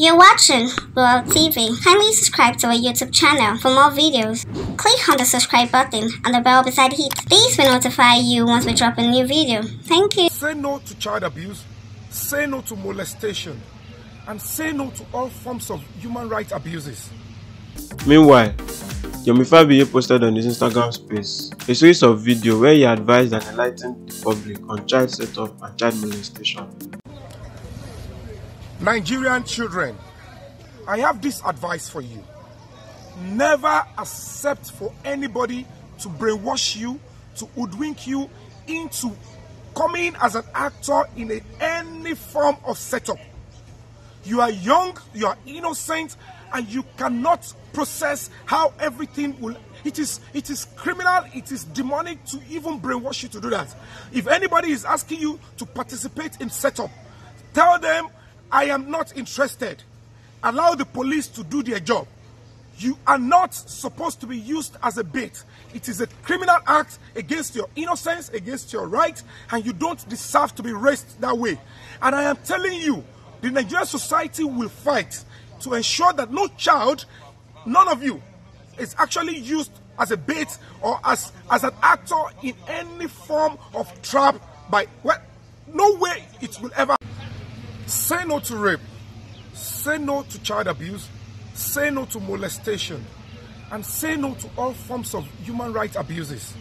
You're watching World TV. Kindly subscribe to our YouTube channel for more videos. Click on the subscribe button and the bell beside it. These will notify you once we drop a new video. Thank you. Say no to child abuse, say no to molestation, and say no to all forms of human rights abuses. Meanwhile, Yomi Fabiye posted on his Instagram space a series of videos where he advised and enlightened the public on child setup and child molestation Nigerian children, I have this advice for you. Never accept for anybody to brainwash you, to hoodwink you into coming as an actor in a, any form of setup. You are young, you are innocent, and you cannot process how everything will it is it is criminal it is demonic to even brainwash you to do that if anybody is asking you to participate in setup tell them I am not interested. Allow the police to do their job. You are not supposed to be used as a bait. It is a criminal act against your innocence, against your right, and you don't deserve to be raised that way. And I am telling you, the Nigerian society will fight to ensure that no child, none of you, is actually used as a bait or as, as an actor in any form of trap by, well, no way it will ever Say no to rape. Say no to child abuse. Say no to molestation. And say no to all forms of human rights abuses.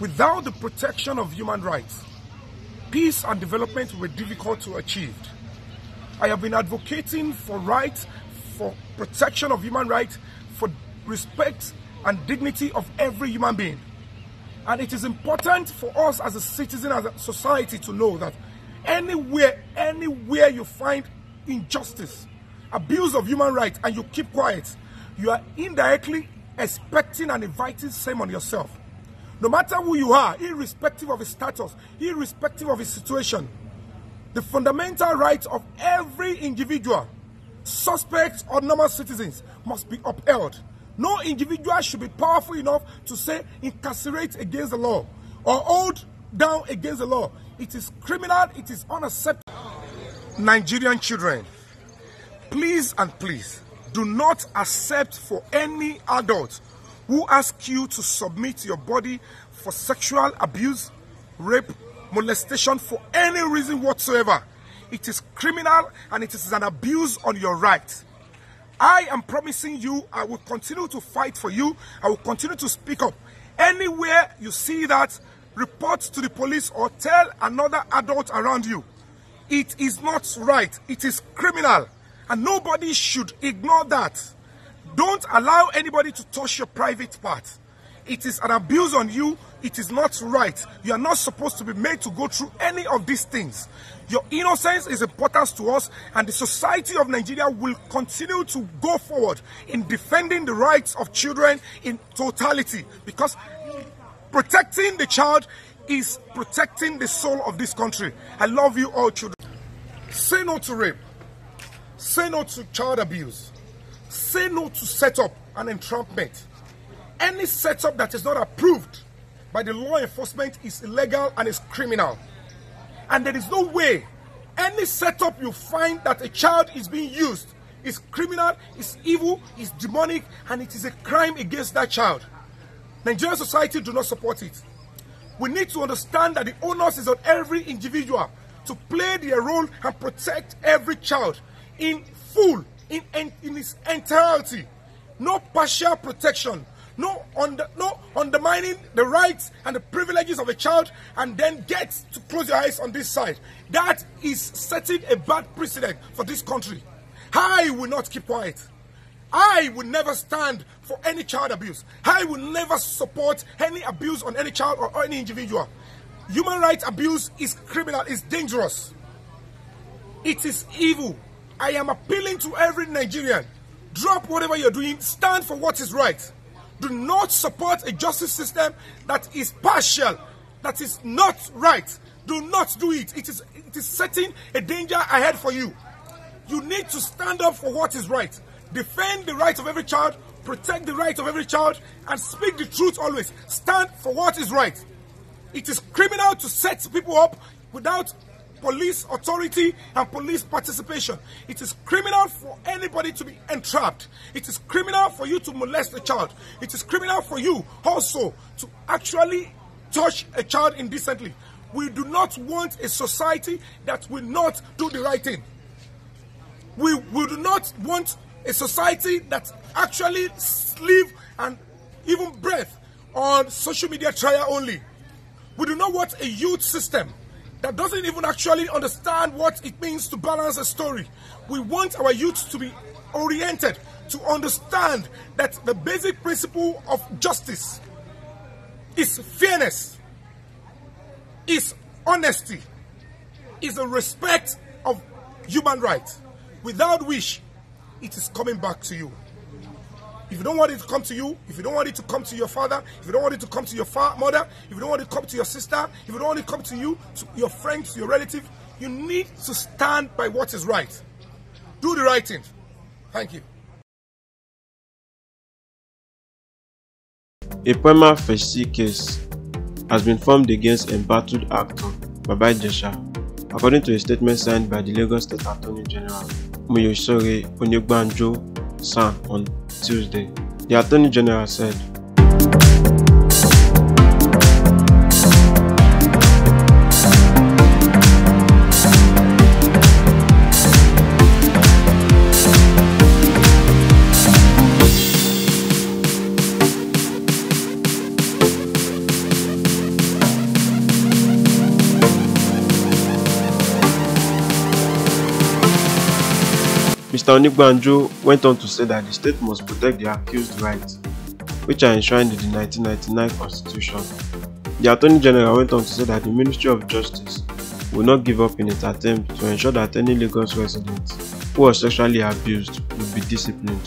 Without the protection of human rights, peace and development were difficult to achieve. I have been advocating for rights, for protection of human rights, for respect and dignity of every human being. And it is important for us as a citizen, as a society to know that Anywhere, anywhere you find injustice, abuse of human rights, and you keep quiet, you are indirectly expecting and inviting shame on yourself. No matter who you are, irrespective of his status, irrespective of his situation, the fundamental rights of every individual, suspects or normal citizens, must be upheld. No individual should be powerful enough to say incarcerate against the law or hold down against the law. It is criminal, it is unacceptable. Nigerian children, please and please do not accept for any adult who asks you to submit your body for sexual abuse, rape, molestation for any reason whatsoever. It is criminal and it is an abuse on your right. I am promising you, I will continue to fight for you. I will continue to speak up. Anywhere you see that, report to the police or tell another adult around you. It is not right. It is criminal. And nobody should ignore that. Don't allow anybody to touch your private part. It is an abuse on you. It is not right. You are not supposed to be made to go through any of these things. Your innocence is important to us, and the society of Nigeria will continue to go forward in defending the rights of children in totality because Protecting the child is protecting the soul of this country. I love you all children. Say no to rape. Say no to child abuse. Say no to setup and entrapment. Any setup that is not approved by the law enforcement is illegal and is criminal. And there is no way any setup you find that a child is being used is criminal, is evil, is demonic, and it is a crime against that child. Nigerian society do not support it. We need to understand that the onus is on every individual to play their role and protect every child in full, in, in, in its entirety. No partial protection, no, under, no undermining the rights and the privileges of a child and then get to close your eyes on this side. That is setting a bad precedent for this country. I will not keep quiet. I will never stand for any child abuse. I will never support any abuse on any child or any individual. Human rights abuse is criminal, it's dangerous. It is evil. I am appealing to every Nigerian. Drop whatever you're doing. Stand for what is right. Do not support a justice system that is partial, that is not right. Do not do it. It is, it is setting a danger ahead for you. You need to stand up for what is right. Defend the rights of every child protect the rights of every child, and speak the truth always. Stand for what is right. It is criminal to set people up without police authority and police participation. It is criminal for anybody to be entrapped. It is criminal for you to molest a child. It is criminal for you also to actually touch a child indecently. We do not want a society that will not do the right thing. We, we do not want a society that actually live and even breath on social media trial only. We do not want a youth system that doesn't even actually understand what it means to balance a story. We want our youth to be oriented to understand that the basic principle of justice is fairness, is honesty, is a respect of human rights, without which it is coming back to you. If you don't want it to come to you, if you don't want it to come to your father, if you don't want it to come to your mother, if you don't want it to come to your sister, if you don't want it to come to you, to your friends, your relative, you need to stand by what is right. Do the right thing. Thank you. A prima facie case has been formed against embattled actor Babai Jesha, according to a statement signed by the Lagos State Attorney General. Muyosore Onyegbanjo sang on Tuesday, the Attorney General said. Mr. Onigbanjo went on to say that the state must protect the accused' rights, which are enshrined in the 1999 constitution. The Attorney General went on to say that the Ministry of Justice will not give up in its attempt to ensure that any Lagos resident who was sexually abused will be disciplined.